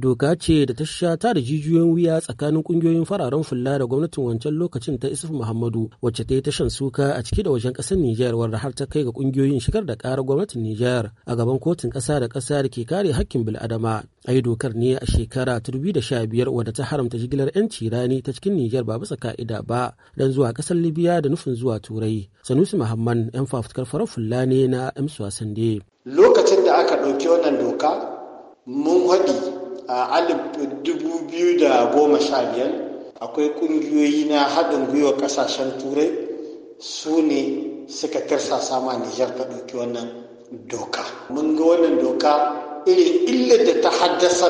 doka ce da ta sha ta da jijiyoyin wuya tsakanin kungiyoyin fararen fulla da gwamnatin wancan lokacin ta isuf muhammadu wacce ta yi tashan suka a ciki da wajen kasar nijar wadda har ta kai ga kungiyoyin shigar da karar gwamnatin nijar a gaban kotun ƙasa da kasa da ke kare hakkin bil'adama a yi dokar ne a shekara ta biyar wadda ta haramta jigilar yanci rani ta cikin nijar ba bisa ka'ida ba don zuwa kasar libya da nufin zuwa turai sanusi muhammad yan fafutukar farar fulla ne na ms wasande lokacin da aka ɗauki wannan doka mun haɗi a biyar akwai ƙungiyoyi na haɗin gwiwa ƙasashen turai su ne suka tarsasa sama nijar ka ɗauki wannan doka mun ga wannan doka irin illar da ta haddasa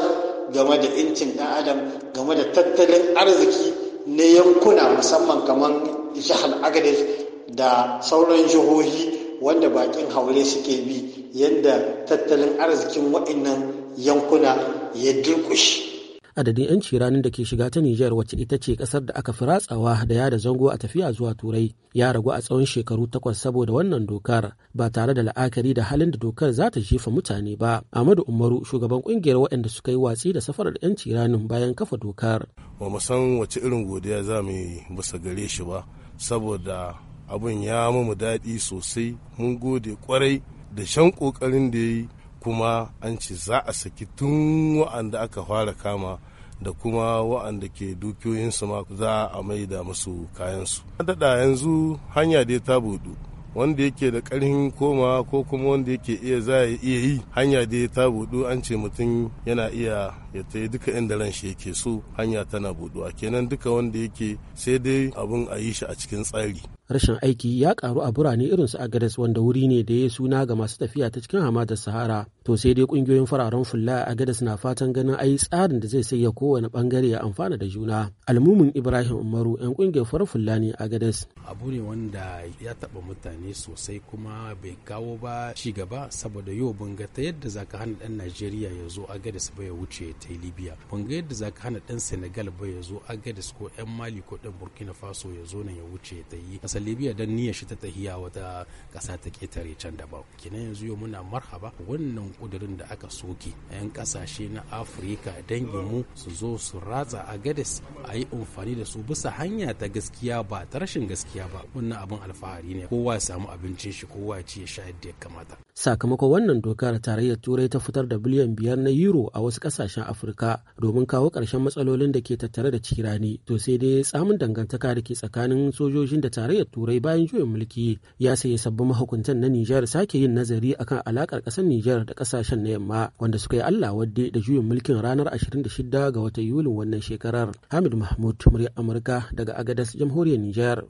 game da incin ɗan adam game da tattalin arziki na yankuna musamman kamar jihar agadez da sauran jihohi wanda bakin haure suke bi yadda tattalin arzikin waɗannan yankuna ya durƙushe adadin 'yanci ranar da ke shiga ta Nijar wacce ita ce kasar da aka fi ratsawa da yada zango a tafiya zuwa Turai ya ragu a tsawon shekaru takwas saboda wannan dokar ba tare da la'akari da halin da dokar za ta jefa mutane ba. Ahmadu Umaru shugaban kungiyar waɗanda suka yi watsi da safarar 'yanci ranar bayan kafa dokar. Ba mu san wace irin godiya za mu yi bisa gare shi ba saboda abin ya mu daɗi sosai mun gode kwarai da shan ƙoƙarin da ya yi kuma an ce za a saki tun wa'anda aka fara kama da kuma wa'anda ke dukiyoyinsu ma za a maida musu kayansu. Daɗa yanzu hanya dai ta buɗu wanda yake da karhin koma ko kuma wanda yake iya za iya yi hanya da ya ta budu an ce mutum yana iya ya ta duka inda ran shi yake so hanya tana buduwa kenan duka wanda yake sai dai abun a yi shi a cikin tsari rashin aiki ya karu a birane irin su agadas wanda wuri ne da ya suna ga masu tafiya ta cikin hamadar sahara to sai dai kungiyoyin fararen fulla a gada na fatan ganin ayi tsarin da zai sayya kowane bangare ya amfana da juna almumin ibrahim umaru yan kungiyar farar fulla ne a gadas abu ne wanda ya taba mutane sosai kuma bai kawo ba ci gaba saboda yau ban ta yadda zaka hana dan najeriya ya zo a gadas ba ya wuce ta libya ban ga yadda zaka hana dan senegal ba ya zo a gadas ko yan mali ko dan burkina faso ya zo nan ya wuce ta yi kasar libya dan niyya shi ta tahiya wata kasa ta ketare can da ba kenan yanzu yau muna marhaba wannan kudirin da aka soke 'yan kasashe na afirka danginmu su zo su ratsa a gadis a yi amfani da su bisa hanya ta gaskiya ba ta rashin gaskiya ba wannan abin alfahari ne kowa ya samu abincin shi kowa ya ci ya sha yadda ya kamata sakamakon wannan dokar tarayyar turai ta fitar da biliyan biyar na euro a wasu kasashen afirka domin kawo ƙarshen matsalolin da ke tattare da cirani to sai dai tsamin dangantaka da ke tsakanin sojojin da tarayyar turai bayan juyin mulki ya sayi sabbin mahukuntan na nijar sake yin nazari akan alakar ƙasar nijar da kasashen na yamma wanda suka yi Allah wadde da juyin mulkin ranar 26 ga watan Yulin wannan shekarar. Hamid Mahmud, muryar Amurka daga Agadas, Jamhuriyar Nijar.